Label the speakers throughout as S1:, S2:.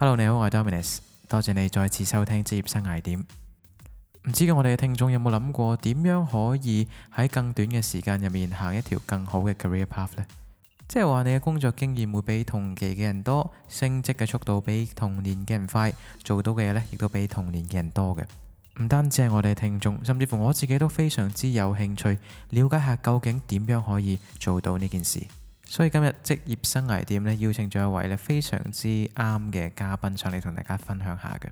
S1: Hello，你好，我係 Dominus。多謝你再次收聽職業生涯點。唔知我哋嘅聽眾有冇諗過，點樣可以喺更短嘅時間入面行一條更好嘅 career path 呢？即係話你嘅工作經驗會比同期嘅人多，升職嘅速度比同年嘅人快，做到嘅嘢呢亦都比同年嘅人多嘅。唔單止係我哋嘅聽眾，甚至乎我自己都非常之有興趣了解下究竟點樣可以做到呢件事。所以今日職業生涯點咧，邀請咗一位咧非常之啱嘅嘉賓上嚟同大家分享下嘅。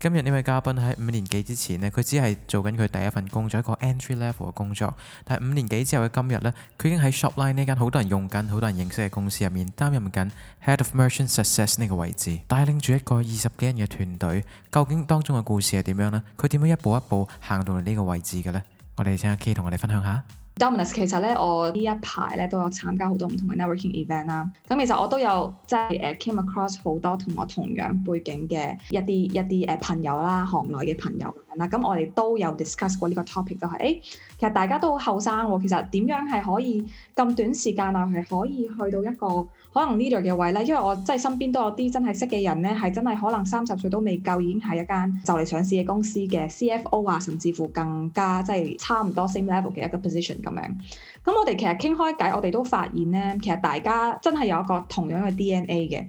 S1: 今日呢位嘉賓喺五年幾之前咧，佢只係做緊佢第一份工作，一個 entry level 嘅工作。但係五年幾之後嘅今日咧，佢已經喺 Shopline 呢間好多人用緊、好多人認識嘅公司入面，擔任緊 Head of Merchant Success 呢個位置，帶領住一個二十幾人嘅團隊。究竟當中嘅故事係點樣呢？佢點樣一步一步行到嚟呢個位置嘅呢？我哋請阿 K 同我哋分享下。
S2: Dominus 其實咧，我呢一排咧都有參加好多唔同嘅 networking event 啦。咁其實我都有即係誒 came across 好多同我同樣背景嘅一啲一啲誒朋友啦，行內嘅朋友咁樣啦。咁我哋都有 discuss 過呢個 topic 就係誒，其實大家都好後生喎。其實點樣係可以咁短時間內係可以去到一個可能 leader 嘅位咧？因為我真係身邊都有啲真係識嘅人咧，係真係可能三十歲都未夠，已經喺一間就嚟上市嘅公司嘅 CFO 啊，甚至乎更加即係差唔多 same level 嘅一個 position。咁我哋其實傾開偈，我哋都發現呢，其實大家真係有一個同樣嘅 DNA 嘅。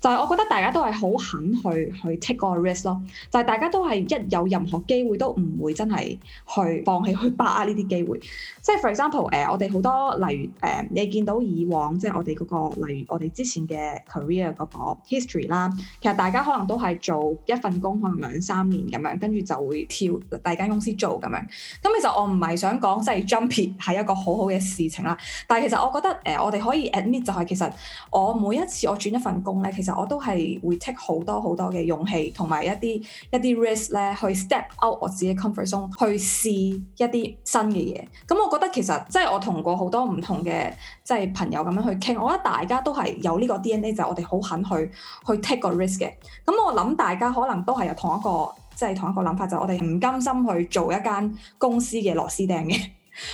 S2: 就係我覺得大家都係好肯去去 take 個 risk 咯，就係、是、大家都係一有任何機會都唔會真係去放棄去把握呢啲機會，即係 for example 誒、呃、我哋好多例如誒、呃、你見到以往即係、就是、我哋、那個例如我哋之前嘅 career 個 history 啦，其實大家可能都係做一份工可能兩三年咁樣，跟住就會跳第間公司做咁樣。咁其實我唔係想講即係 jumping 係一個好好嘅事情啦，但係其實我覺得誒、呃、我哋可以 admit 就係、是、其實我每一次我轉一份工咧，其實。我都係會 take 好多好多嘅勇氣，同埋一啲一啲 risk 咧，去 step out 我自己 comfort zone，去試一啲新嘅嘢。咁、嗯、我覺得其實即係我同過好多唔同嘅即係朋友咁樣去傾，我覺得大家都係有呢個 DNA，就我哋好肯去去 take 個 risk 嘅。咁、嗯、我諗大家可能都係有同一個即係、就係、同一個諗法，就係、我哋唔甘心去做一間公司嘅螺絲釘嘅。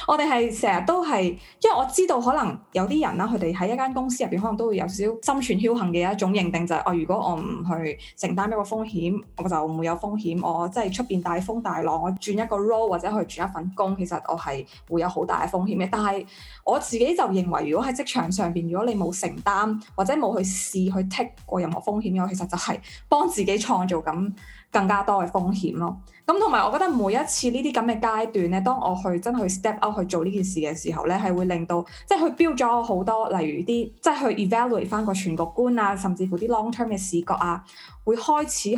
S2: 我哋係成日都係，因為我知道可能有啲人啦，佢哋喺一間公司入邊，可能都會有少少心存僥幸嘅一種認定，就係、是、哦，如果我唔去承擔一個風險，我就唔會有風險。我即係出邊大風大浪，我轉一個 role 或者去轉一份工，其實我係會有好大嘅風險嘅。但係我自己就認為，如果喺職場上邊，如果你冇承擔或者冇去試去 take 過任何風險嘅，我其實就係幫自己創造咁。更加多嘅風險咯。咁同埋，我覺得每一次呢啲咁嘅階段咧，當我去真去 step out 去做呢件事嘅時候咧，係會令到即係去 build 咗好多，例如啲即係去 evaluate 翻個全局觀啊，甚至乎啲 long term 嘅視角啊，會開始去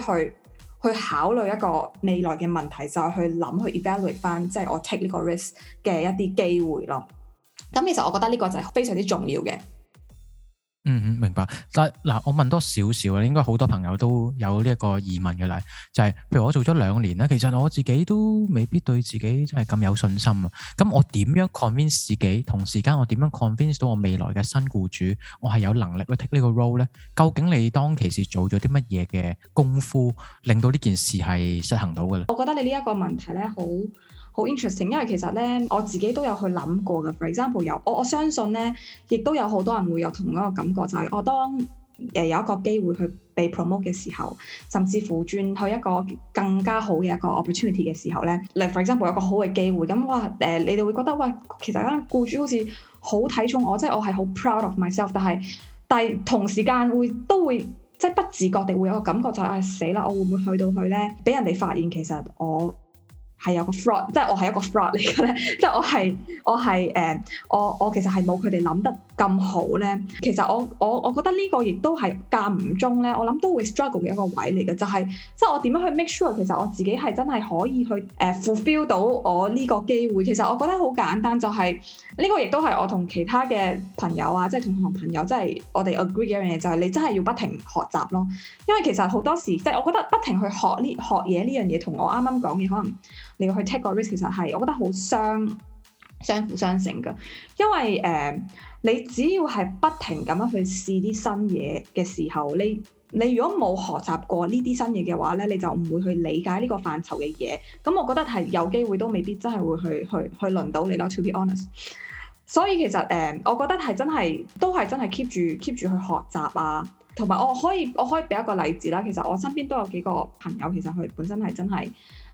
S2: 去考慮一個未來嘅問題，就係、是、去諗去 evaluate 翻，即係我 take 呢個 risk 嘅一啲機會咯。咁其實我覺得呢個就係非常之重要嘅。
S1: 嗯嗯，明白。但嗱，我問多少少啊，應該好多朋友都有呢一個疑問嘅啦，就係譬如我做咗兩年啦，其實我自己都未必對自己真係咁有信心啊。咁我點樣 convince 自己，同時間我點樣 convince 到我未來嘅新僱主，我係有能力去 take 呢個 role 咧？究竟你當其時做咗啲乜嘢嘅功夫，令到呢件事係實行到噶咧？我
S2: 覺得你呢一個問題咧，好。好 interesting，因為其實咧，我自己都有去諗過嘅。For example，有我我相信咧，亦都有好多人會有同一個感覺，就係、是、我當誒有一個機會去被 promote 嘅時候，甚至乎轉去一個更加好嘅一個 opportunity 嘅時候咧。例如 for example 有一個好嘅機會，咁哇誒、呃，你哋會覺得哇，其實間僱主好似好睇重我，即係我係好 proud of myself 但。但係，但係同時間會都會即係不自覺地會有個感覺、就是，就係啊死啦！我會唔會去到去咧？俾人哋發現其實我。係有個 fraud，即係我係一個 fraud 嚟嘅咧，即係我係我係、uh, 我我其實係冇佢哋諗得。咁好咧，其實我我我覺得個呢個亦都係間唔中咧，我諗都會 struggle 嘅一個位嚟嘅，就係即係我點樣去 make sure 其實我自己係真係可以去誒、uh, fulfill 到我呢個機會。其實我覺得好簡單，就係、是、呢個亦都係我同其他嘅朋友啊，即、就、係、是、同行朋友，即、就、係、是、我哋 agree 嘅一樣嘢，就係、是、你真係要不停學習咯。因為其實好多時即係、就是、我覺得不停去學呢學嘢呢樣嘢，同我啱啱講嘅可能你要去 take 個 risk，其實係我覺得好傷。相輔相成嘅，因為誒、呃，你只要係不停咁樣去試啲新嘢嘅時候，你你如果冇學習過呢啲新嘢嘅話咧，你就唔會去理解呢個範疇嘅嘢。咁我覺得係有機會都未必真係會去去去，去輪到你咯。To be honest，所以其實誒、呃，我覺得係真係都係真係 keep 住 keep 住去學習啊，同埋我可以我可以俾一個例子啦。其實我身邊都有幾個朋友，其實佢本身係真係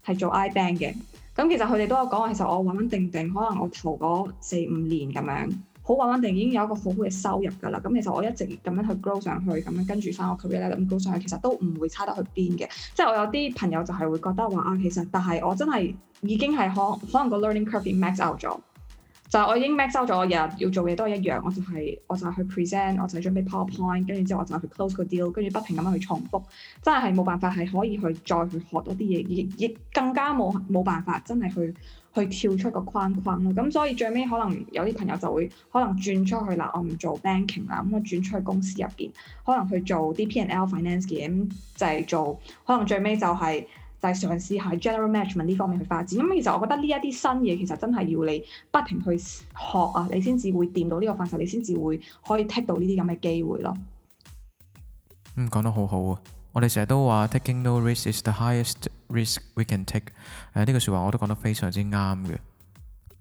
S2: 係做 iBank 嘅。咁其實佢哋都有講話，其實我穩穩定定，可能我頭嗰四五年咁樣，好穩穩定已經有一個好好嘅收入㗎啦。咁其實我一直咁樣去 grow 上去，咁樣跟住翻我 career 咧咁 grow 上去，其實都唔會差得去邊嘅。即係我有啲朋友就係會覺得話啊，其實但係我真係已經係可可能個 learning curve 已經 max out 咗。就我已經 max out 咗，我日日要做嘢都係一樣，我就係、是、我就係去 present，我就係準備 PowerPoint，跟住之後我就係去 close 個 deal，跟住不停咁樣去重複，真係係冇辦法係可以去再去學多啲嘢，亦亦更加冇冇辦法真係去去跳出個框框咯。咁所以最尾可能有啲朋友就會可能轉出去啦，我唔做 banking 啦，咁我轉出去公司入邊，可能去做啲 P and L finance 嘅咁，就係、是、做，可能最尾就係、是。但係嘗試喺 general management 呢方面去發展。咁其實我覺得呢一啲新嘢其實真係要你不停去學啊，你先至會掂到呢個範疇，你先至會可以 take 到呢啲咁嘅機會咯。
S1: 嗯，講得好好啊！我哋成日都話 taking no risk is the highest risk we can take。誒呢句説話我都講得非常之啱嘅。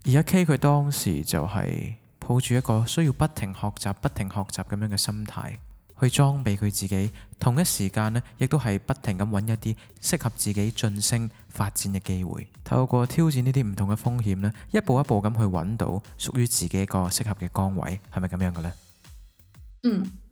S1: 而阿 K 佢當時就係抱住一個需要不停學習、不停學習咁樣嘅心態。去裝備佢自己，同一時間呢，亦都係不停咁揾一啲適合自己晉升發展嘅機會，透過挑戰呢啲唔同嘅風險咧，一步一步咁去揾到屬於自己一個適合嘅崗位，係咪咁樣嘅呢？嗯。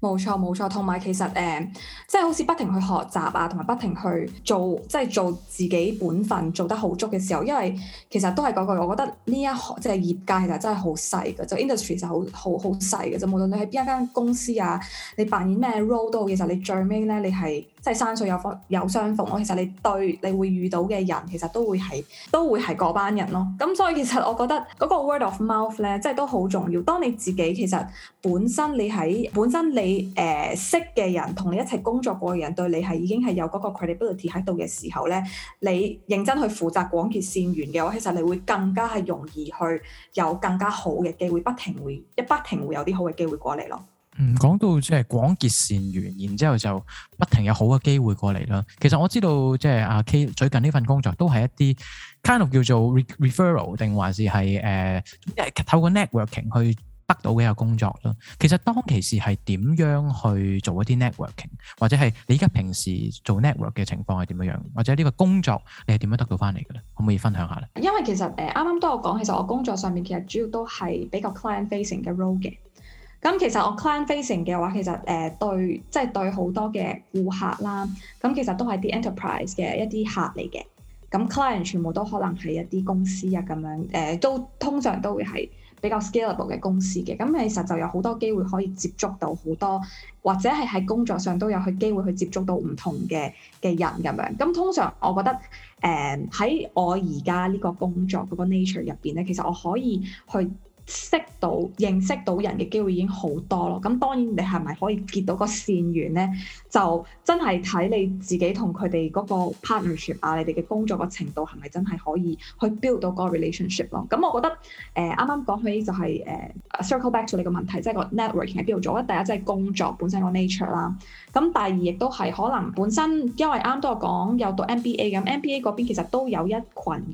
S2: 冇錯冇錯，同埋其實誒，即、呃、係、就是、好似不停去學習啊，同埋不停去做，即、就、係、是、做自己本分做得好足嘅時候，因為其實都係嗰、那個，我覺得呢一即係、就是、業界其實真係好細嘅，就 industry 就好好好細嘅。就無論你喺邊一間公司啊，你扮演咩 role 都好。其實你最尾咧，你係。即係山水有逢有相逢咯，其實你對你會遇到嘅人，其實都會係都會係嗰班人咯。咁所以其實我覺得嗰個 word of mouth 咧，即係都好重要。當你自己其實本身你喺本身你誒、呃、識嘅人，同你一齊工作過嘅人對你係已經係有嗰個 credibility 喺度嘅時候咧，你認真去負責廣結善緣嘅話，其實你會更加係容易去有更加好嘅機會，不停會一不停會有啲好嘅機會過嚟咯。
S1: 嗯，講到即係廣結善緣，然之後就不停有好嘅機會過嚟啦。其實我知道即係阿 K 最近呢份工作都係一啲 kind of 叫做 referral 定還是係誒、呃，透過 networking 去得到嘅一個工作咯。其實當其時係點樣去做一啲 networking，或者係你而家平時做 network 嘅情況係點樣樣，或者呢個工作你係點樣得到翻嚟嘅咧？可唔可以分享下咧？
S2: 因為其實誒啱啱都有講，其實我工作上面其實主要都係比較 client facing 嘅 role 嘅。咁其實我 client 飛行嘅話，其實誒對，即、就、係、是、對好多嘅顧客啦。咁其實都係啲 enterprise 嘅一啲客嚟嘅。咁 client 全部都可能係一啲公司啊咁樣，誒、呃、都通常都會係比較 scalable 嘅公司嘅。咁其實就有好多機會可以接觸到好多，或者係喺工作上都有去機會去接觸到唔同嘅嘅人咁樣。咁通常我覺得誒喺、呃、我而家呢個工作嗰個 nature 入邊咧，其實我可以去。識到認識到人嘅機會已經好多咯，咁當然你係咪可以結到個善緣咧？就真係睇你自己同佢哋嗰個 partnership 啊，你哋嘅工作個程度係咪真係可以去 build 到個 relationship 咯？咁我覺得誒啱啱講起就係誒 circle back 到你個問題，即係個 networking 喺邊度做？第一即係工作本身個 nature 啦，咁第二亦都係可能本身因為啱啱我講有讀 MBA 咁，MBA 嗰邊其實都有一群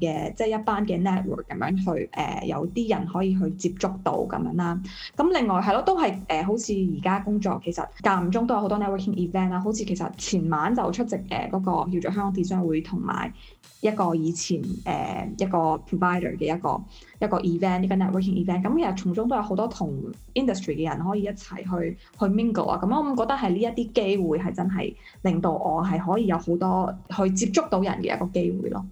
S2: 嘅即係一班嘅 network 咁樣去誒、呃，有啲人可以去。接觸到咁樣啦，咁另外係咯，都係誒、呃，好似而家工作其實間唔中都有好多 networking event 啦，好似其實前晚就出席誒嗰、呃那個叫做香港電商會同埋一個以前誒、呃、一個 provider 嘅一個一個 event，呢個 networking event，咁其實從中都有好多同 industry 嘅人可以一齊去去 mingle 啊，咁我覺得係呢一啲機會係真係令到我係可以有好多去接觸到人嘅一個機會咯。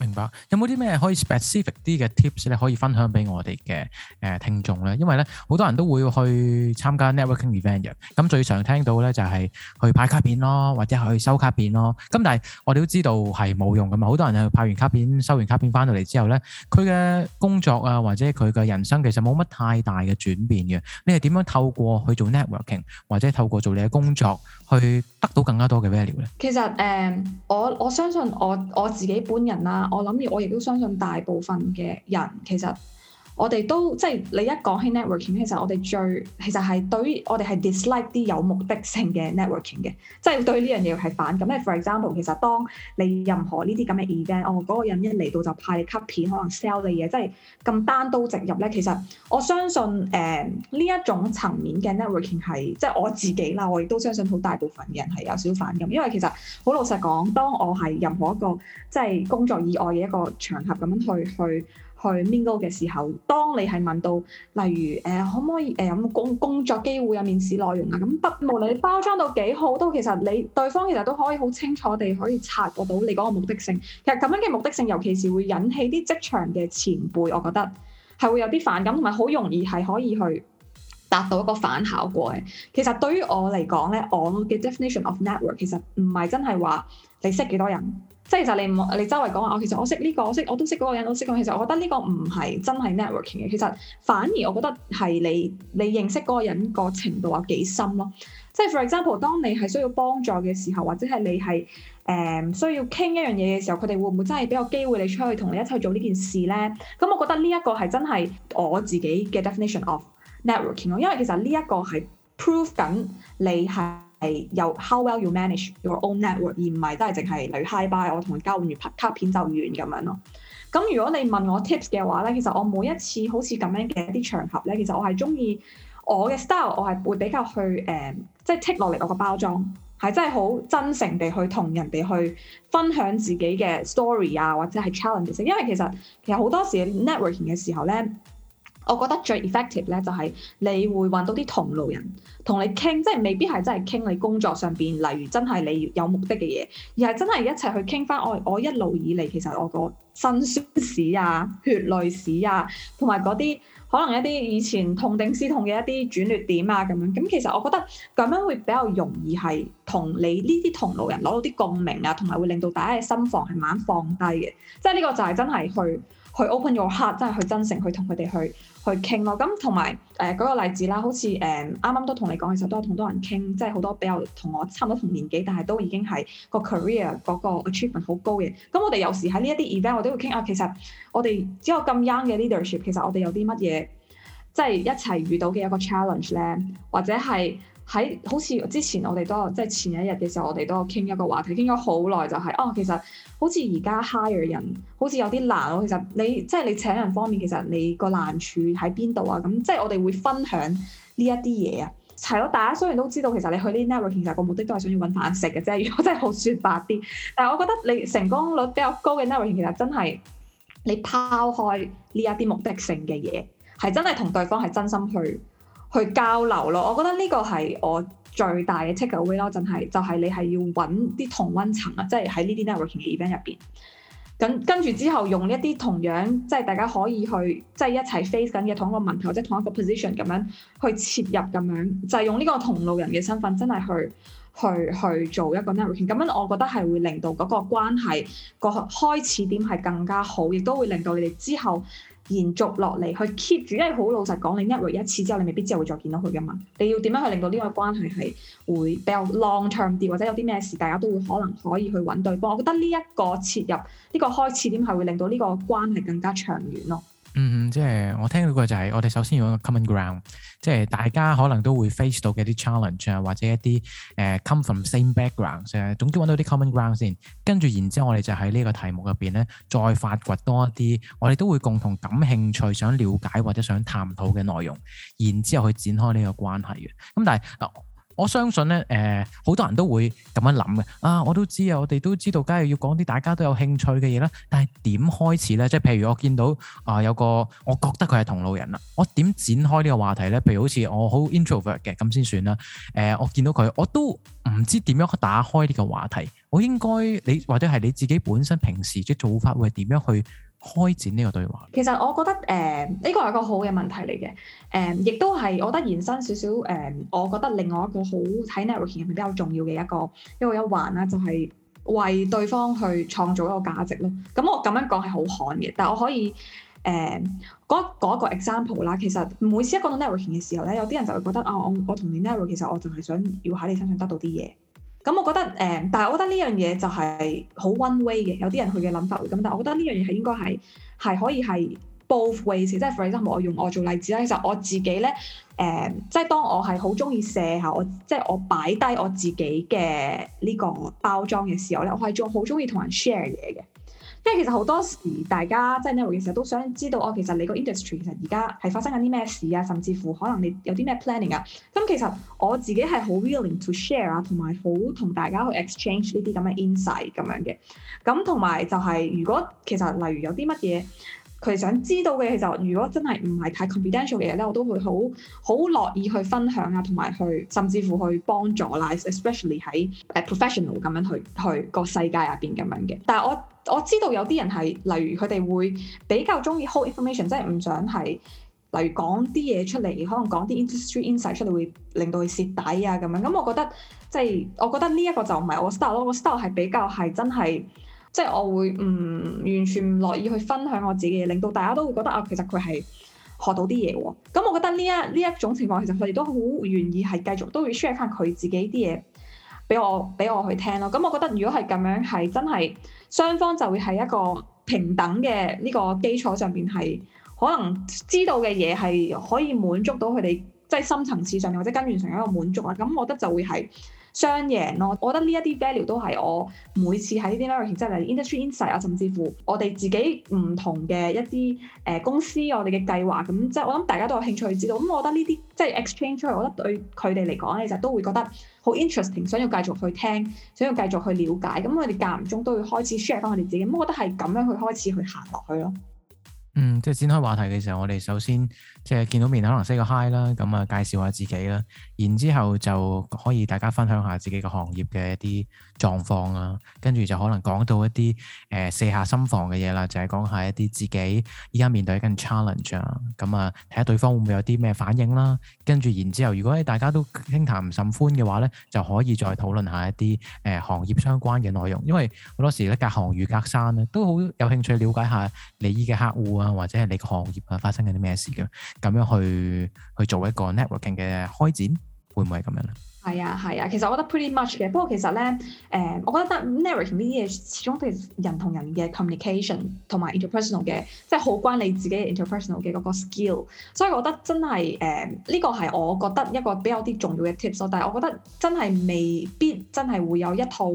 S1: 明白，有冇啲咩可以 specific 啲嘅 tips 咧，可以分享俾我哋嘅誒聽眾咧？因為咧，好多人都會去參加 networking event 嘅，咁最常聽到咧就係去派卡片咯，或者去收卡片咯。咁但係我哋都知道係冇用噶嘛，好多人去派完卡片、收完卡片返到嚟之後咧，佢嘅工作啊，或者佢嘅人生其實冇乜太大嘅轉變嘅。你係點樣透過去做 networking，或者透過做你嘅工作去得到更加多嘅 value 咧？
S2: 其實誒、呃，我我相信我我自己本人啦、啊。我諗，我亦都相信大部分嘅人其實。我哋都即係你一講起 networking，其實我哋最其實係對於我哋係 dislike 啲有目的性嘅 networking 嘅，即係對呢樣嘢係反感。咧。For example，其實當你任何呢啲咁嘅 event，哦，嗰、那個人一嚟到就派你卡片，可能 sell 你嘢，即係咁單刀直入咧。其實我相信誒呢、呃、一種層面嘅 networking 係，即係我自己啦，我亦都相信好大部分嘅人係有少少反感，因為其實好老實講，當我係任何一個即係工作以外嘅一個場合咁樣去去。去 mingle 嘅時候，當你係問到，例如誒、呃、可唔可以誒咁工工作機會啊、面試內容啊，咁不無論你包裝到幾好，都其實你對方其實都可以好清楚地可以察覺到你嗰個目的性。其實咁樣嘅目的性，尤其是會引起啲職場嘅前輩，我覺得係會有啲反感，同埋好容易係可以去達到一個反效果嘅。其實對於我嚟講咧，我嘅 definition of network 其實唔係真係話你識幾多人。即係其實你唔，你周圍講話，我、哦、其實我識呢、這個，我識我都識嗰個人，我識佢、這個。其實我覺得呢個唔係真係 networking 嘅，其實反而我覺得係你你認識嗰個人個程度有幾深咯。即係 for example，當你係需要幫助嘅時候，或者係你係誒、呃、需要傾一樣嘢嘅時候，佢哋會唔會真係俾個機會你出去同你一齊做呢件事咧？咁、嗯、我覺得呢一個係真係我自己嘅 definition of networking 咯，因為其實呢一個係 prove 緊你係。係由 How well you manage your own network，而唔係都係淨係例如 hi bye 我同佢交換完拍卡片就完咁樣咯。咁如果你問我 tips 嘅話咧，其實我每一次好似咁樣嘅一啲場合咧，其實我係中意我嘅 style，我係會比較去誒、呃，即係 take 落嚟，我個包裝，係真係好真誠地去同人哋去分享自己嘅 story 啊，或者係 challenges，因為其實其實好多時 networking 嘅時候咧。我覺得最 effective 咧，就係你會揾到啲同路人同你傾，即係未必係真係傾你工作上邊，例如真係你有目的嘅嘢，而係真係一齊去傾翻。我我一路以嚟，其實我個辛酸史啊、血淚史啊，同埋嗰啲可能一啲以前痛定思痛嘅一啲轉捩點啊咁樣。咁其實我覺得咁樣會比較容易係同你呢啲同路人攞到啲共鳴啊，同埋會令到大家嘅心房係慢慢放低嘅。即係呢個就係真係去。去 open your heart，真係去真誠去同佢哋去去傾咯。咁同埋誒舉個例子啦，好似誒啱啱都同你講嘅時候，都有同多人傾，即係好多比較同我差唔多同年紀，但係都已經係個 career 嗰個 achievement 好高嘅。咁我哋有時喺呢一啲 event，我都會傾啊。其實我哋只有咁 young 嘅 leadership，其實我哋有啲乜嘢，即係一齊遇到嘅一個 challenge 咧，或者係。喺好似之前我哋都有，即係前一日嘅時候，我哋都有傾一個話題，傾咗好耐就係、是、哦，其實好似而家 hire 人好似有啲難，喎，其實你即係你請人方面，其實你個難處喺邊度啊？咁即係我哋會分享呢一啲嘢啊。係咯，大家雖然都知道其實你去啲 networking 其實個目的都係想要揾飯食嘅啫，如果真係好説白啲。但係我覺得你成功率比較高嘅 networking 其實真係你拋開呢一啲目的性嘅嘢，係真係同對方係真心去。去交流咯，我覺得呢個係我最大嘅 take away 咯，就係就係你係要揾啲同溫層啊，即係喺呢啲 networking 嘅 event 入邊。咁跟住之後用一啲同樣，即係大家可以去，即係一齊 face 緊嘅同一個問題，即係同一個 position 咁樣去切入咁樣，就係、是、用呢個同路人嘅身份，真係去去去做一個 networking。咁樣我覺得係會令到嗰個關係、個開始點係更加好，亦都會令到你哋之後。延續落嚟去 keep 住，因為好老實講，你一約一次之後，你未必之後會再見到佢噶嘛。你要點樣去令到呢個關係係會比較 long term 啲，或者有啲咩事，大家都會可能可以去揾對方。我覺得呢一個切入呢、呢個開始點係會令到呢個關係更加長遠咯。
S1: 嗯嗯，即係我聽到個就係、是、我哋首先要一個 common ground，即係大家可能都會 face 到嘅啲 challenge 啊，或者一啲誒、呃、come from same background 啊，總之搵到啲 common ground 先，跟住然之後我哋就喺呢個題目入邊咧，再發掘多一啲我哋都會共同感興趣想了解或者想探討嘅內容，然之後去展開呢個關係嘅。咁但係嗱。呃我相信咧，誒、呃、好多人都會咁樣諗嘅。啊，我都知啊，我哋都知道，梗係要講啲大家都有興趣嘅嘢啦，但係點開始咧？即係譬如我見到啊、呃，有個我覺得佢係同路人啦，我點展開呢個話題咧？譬如好似我好 introvert 嘅，咁先算啦。誒、呃，我見到佢，我都唔知點樣打開呢個話題。我應該你或者係你自己本身平時嘅做法會點樣去開展呢個對話，
S2: 其實我覺得誒呢、呃這個係一個好嘅問題嚟嘅，誒、呃、亦都係我覺得延伸少少誒、呃，我覺得另外一個好喺 networking 入面比較重要嘅一,一個一個一個環啦，就係、是、為對方去創造一個價值咯。咁、嗯、我咁樣講係好寒嘅，但係我可以誒、呃、講一個 example 啦。其實每次一講到 networking 嘅時候咧，有啲人就會覺得啊，我我同你 networking 其實我就係想要喺你身上得到啲嘢。咁我覺得誒、嗯，但係我覺得呢樣嘢就係好 one way 嘅，有啲人佢嘅諗法會咁，但係我覺得呢樣嘢係應該係係可以係 both ways，即係 for example，我用我做例子啦。其實我自己咧，誒，即係當我係好中意卸下我，即係我擺低我自己嘅呢個包裝嘅時候咧，我係仲好中意同人 share 嘢嘅。即係其實好多時大家即係呢，其實都想知道，哦，其實你個 industry 其實而家係發生緊啲咩事啊，甚至乎可能你有啲咩 planning 啊。咁、嗯、其實我自己係好 willing to share 啊，同埋好同大家去 exchange 呢啲咁嘅 insight 咁樣嘅。咁同埋就係如果其實例如有啲乜嘢，佢哋想知道嘅嘢就，如果真係唔係太 confidential 嘅嘢咧，我都會好好樂意去分享啊，同埋去甚至乎去幫助 live especially 喺誒 professional 咁樣去去個世界入邊咁樣嘅。但係我我知道有啲人係例如佢哋會比較中意 hold information，即係唔想係例如講啲嘢出嚟，可能講啲 industry insight 出嚟會令到佢蝕底啊咁樣。咁我覺得即係、就是、我覺得呢一個就唔係我 style 咯，我 style 係比較係真係。即係我會唔、嗯、完全唔樂意去分享我自己嘢，令到大家都會覺得啊，其實佢係學到啲嘢喎。咁我覺得呢一呢一種情況，其實佢哋都好願意係繼續都會 share 翻佢自己啲嘢俾我俾我去聽咯。咁我覺得如果係咁樣，係真係雙方就會係一個平等嘅呢個基礎上面，係可能知道嘅嘢係可以滿足到佢哋，即係深層次上面，或者根源上一個滿足啦。咁我覺得就會係。雙贏咯，我覺得呢一啲 value 都係我每次喺呢啲 market 即係 industry insight 啊，甚至乎我哋自己唔同嘅一啲誒公司我哋嘅計劃咁，即係我諗大家都有興趣去知道咁，我覺得呢啲即係、就是、exchange 出去，我覺得對佢哋嚟講咧就都會覺得好 interesting，想要繼續去聽，想要繼續去了解，咁我哋間唔中都會開始 share 返我哋自己，咁我覺得係咁樣去開始去行落去咯。
S1: 嗯，即係展開話題嘅時候，我哋首先即係見到面，可能 say 個 hi 啦，咁啊介紹下自己啦，然之後就可以大家分享下自己嘅行業嘅一啲狀況啊，跟住就可能講到一啲誒、呃、卸下心房嘅嘢啦，就係、是、講下一啲自己依家面對緊 challenge，啊，咁啊睇下對方會唔會有啲咩反應啦，跟住然之後，如果誒大家都傾談甚歡嘅話咧，就可以再討論下一啲誒、呃、行業相關嘅內容，因為好多時咧隔行如隔山咧，都好有興趣了解下你依嘅客戶啊。啊，或者係你個行業啊發生緊啲咩事嘅，咁樣去去做一個 networking 嘅開展，會唔會係咁樣咧？
S2: 係啊，係啊，其實我覺得 pretty much 嘅。不過其實咧，誒、呃，我覺得 networking 呢啲嘢始終都係人同人嘅 communication 同埋 interpersonal 嘅，即係好關你自己嘅 interpersonal 嘅嗰個 skill。所以，我覺得真係誒，呢、呃這個係我覺得一個比較啲重要嘅 tips 咯。但係，我覺得真係未必真係會有一套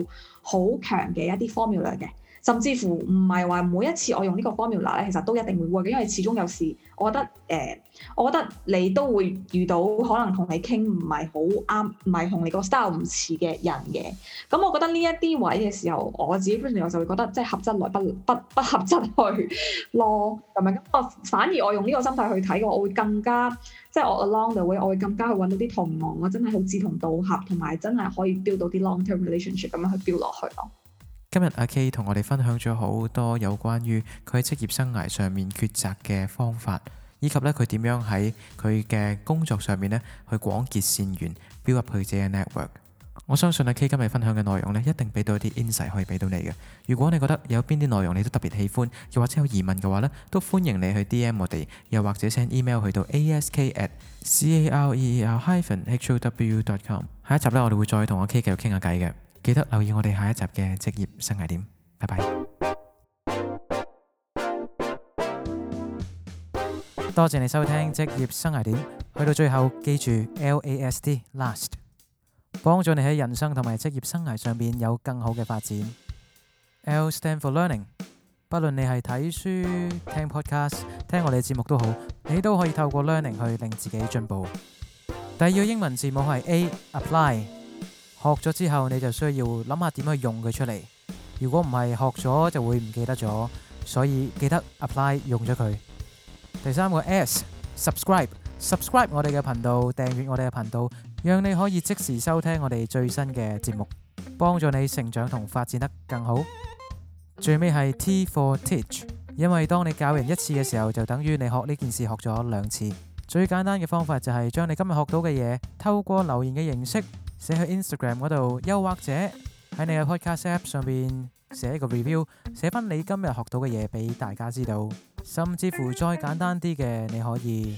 S2: 好強嘅一啲 formula 嘅。甚至乎唔係話每一次我用個呢個 formula 咧，其實都一定會嘅，因為始終有時，我覺得誒、呃，我覺得你都會遇到可能同你傾唔係好啱，唔係同你個 style 唔似嘅人嘅。咁我覺得呢一啲位嘅時候，我自己 personally 就會覺得即係合則來不不不合則去咯，係咪咁？我反而我用呢個心態去睇嘅，我會更加即係我 along the way 我會更加去揾到啲同盟，我真係好志同道合，同埋真係可以 build 到啲 long term relationship 咁樣去 build 落去咯。
S1: 今日阿 K 同我哋分享咗好多有關於佢喺職業生涯上面抉擇嘅方法，以及咧佢點樣喺佢嘅工作上面咧去廣結善緣，build up 佢自己嘅 network。我相信阿 K 今日分享嘅內容咧，一定俾到一啲 insight 可以俾到你嘅。如果你覺得有邊啲內容你都特別喜歡，又或者有疑問嘅話咧，都歡迎你去 DM 我哋，又或者 send email 去到 ask at c a r e e r hyphen h o w dot com。下一集咧，我哋會再同阿 K 繼續傾下偈嘅。記得留意我哋下一集嘅職業生涯點，拜拜。多謝你收聽職業生涯點，去到最後記住 L A S T last，幫助你喺人生同埋職業生涯上邊有更好嘅發展。L stand for learning，不論你係睇書、聽 podcast、聽我哋嘅節目都好，你都可以透過 learning 去令自己進步。第二個英文字母係 A，apply。學咗之後，你就需要諗下點去用佢出嚟。如果唔係學咗就會唔記得咗，所以記得 apply 用咗佢。第三個 S，subscribe，subscribe 我哋嘅頻道，訂閱我哋嘅頻道，讓你可以即時收聽我哋最新嘅節目，幫助你成長同發展得更好。最尾係 T for teach，因為當你教人一次嘅時候，就等於你學呢件事學咗兩次。最簡單嘅方法就係將你今日學到嘅嘢透過留言嘅形式。寫去 Instagram 嗰度，又或者喺你嘅 Podcast App 上邊寫一個 review，寫翻你今日學到嘅嘢，俾大家知道。甚至乎再簡單啲嘅，你可以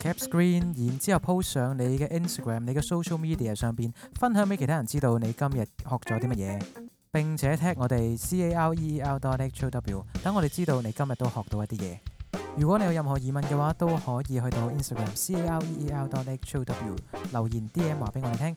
S1: cap screen，然之後 post 上你嘅 Instagram、你嘅 social media 上邊分享俾其他人知道你今日學咗啲乜嘢，並且 tag 我哋 Career.how，等我哋知道你今日都學到一啲嘢。如果你有任何疑問嘅話，都可以去到 Instagram Career.how 留言 DM 話俾我哋聽。